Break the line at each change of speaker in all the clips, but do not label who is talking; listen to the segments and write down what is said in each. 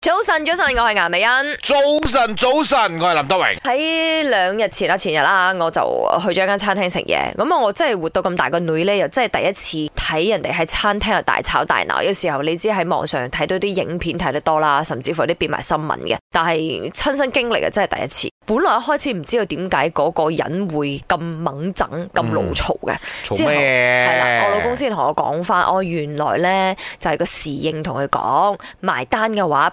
早晨，早晨，我係顏美欣。早晨，
早晨，我係林德
榮。喺兩日前啦，前日啦，我就去咗一間餐廳食嘢。咁啊，我真係活到咁大個女呢，又真係第一次睇人哋喺餐廳度大吵大鬧。有時候你知喺網上睇到啲影片睇得多啦，甚至乎有啲變埋新聞嘅，但係親身經歷啊，真係第一次。本來一開始唔知道點解嗰個人會咁猛憎、咁老嘈嘅。嘈咩？之後我老公先同我講翻，我、哦、原來呢，就係、是、個侍應同佢講埋單嘅話。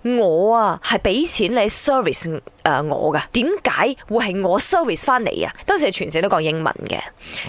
我啊，係俾錢你 service 誒我㗎，點解會係我 service 翻嚟啊？當時係全城都講英文嘅，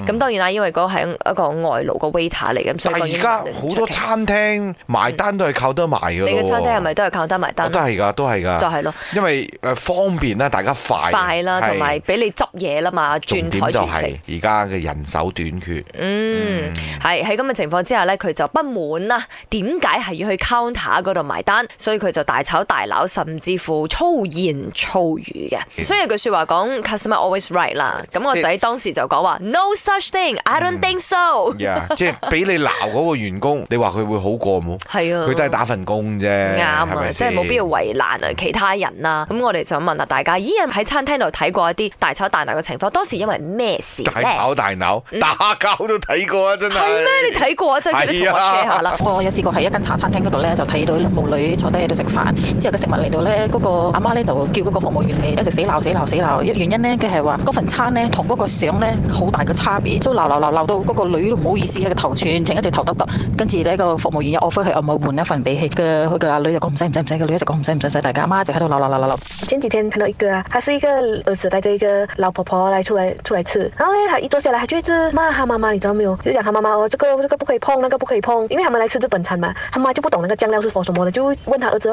咁、嗯、當然啦，因為嗰係一個外勞嘅 waiter 嚟嘅，咁所以而家好
多餐廳埋單都係靠得埋㗎、嗯、你嘅餐廳係咪
都係靠得埋單、嗯哦？都係㗎，
都係㗎。就係咯，因為誒方便啦，大家快快啦，同埋
俾你執嘢啦嘛。轉台轉重點就係而
家嘅人手短缺。
嗯，係喺咁嘅情況之下呢，佢就不滿啦。點解係要去 counter 嗰度埋單？所以佢就大大吵大鬧，甚至乎粗言
粗語嘅，所以
有句說話講 Customer always right 啦。咁我個仔當時就講話 No such thing，I don't think so。即係俾
你鬧嗰個員工，你話佢會好過冇？係啊，佢都係打份工啫。啱啊，即係冇必要
為難啊其他人啦。咁我哋想問下大家，咦有喺餐廳度睇過一啲大吵大鬧嘅情況？當時因為咩
事咧？大吵大鬧，打交都睇過啊！真係係咩？你睇過啊？真係，我同你 share 下啦。
我有試過喺一間茶餐廳嗰度咧，就睇到母女坐低喺度食飯。之後個食物嚟到呢，嗰、那個阿媽呢，就叫嗰個服務員嚟，一直死鬧死鬧死鬧，原因呢，佢係話嗰份餐呢，同嗰個相呢，好大嘅差別，就鬧鬧鬧到嗰個女都唔好意思，個頭轉，整一直頭耷耷。跟住呢個服務員又 offer 佢阿母換一份俾佢嘅，佢個女又講唔使唔使唔使，個女一直講唔使唔使唔使，大家阿媽就喺度鬧鬧鬧鬧。
前幾天睇到一個，他是一個兒子帶着一個老婆婆嚟出嚟。出嚟。吃，然後呢，佢一坐下嚟，佢就一直罵他媽媽，你知道沒有？就講他媽媽哦，這個這個不可以碰，那、這個不可以碰，因為他們嚟吃日本餐嘛，他媽就不懂那個醬料是做什麼嘅，就問他兒子。